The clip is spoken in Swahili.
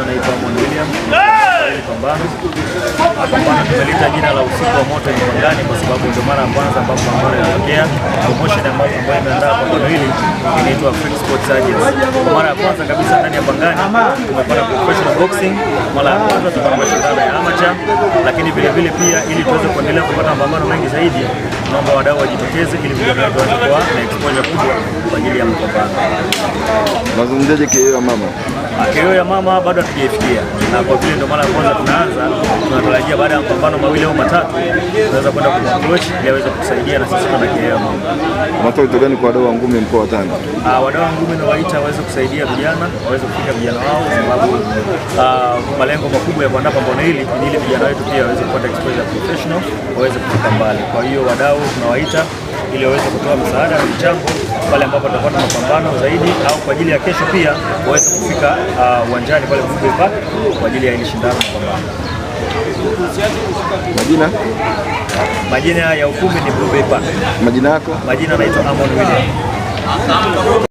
majina naitwa Amon William Pambano. Pambano jina la usiku wa moto Nyumangani kwa sababu ndio mara ya kwanza ambapo Pambano inatokea. Promotion ambayo imeandaa pambano hili inaitwa Freak Sports Agents. Kwa mara ya kwanza kabisa ndani ya Pangani tumepata professional boxing, mara ya kwanza tupata mashindano ya amateur, lakini vile vile pia ili tuweze kuendelea kupata mapambano mengi zaidi, naomba wadau wajitokeze ili kuwa na exposure kubwa kwa ajili ya mapambano. Mazungumzaje kwa mama Kilio ya mama bado hatujaifikia, na kwa vile ndio mara ya kwanza tunaanza, tunatarajia baada ya mapambano mawili au matatu tunaweza kwenda coach ili aweze kutusaidia na sisi kama kilio ya mama. Unatoa wito gani kwa wadau wa ngumi mkoa wa Tanga? Ah, wadau wa ngumi nawaita waweze kusaidia vijana, waweze kufika vijana wao, sababu ah, malengo makubwa ya kuandaa pambano hili ni ili vijana wetu pia waweze kupata exposure professional, waweze kufika mbali. Kwa hiyo wadau tunawaita ili waweze kutoa msaada na mchango pale ambapo tutakuwa na mapambano zaidi, au kwa ajili ya kesho pia waweze kufika uh, uwanjani uh, pale Bumbwe Park kwa ajili ya ile shindano mapambano. Majina majina ya ukumbi ni Bumbwe Park. Majina yako? Majina naitwa Amon William.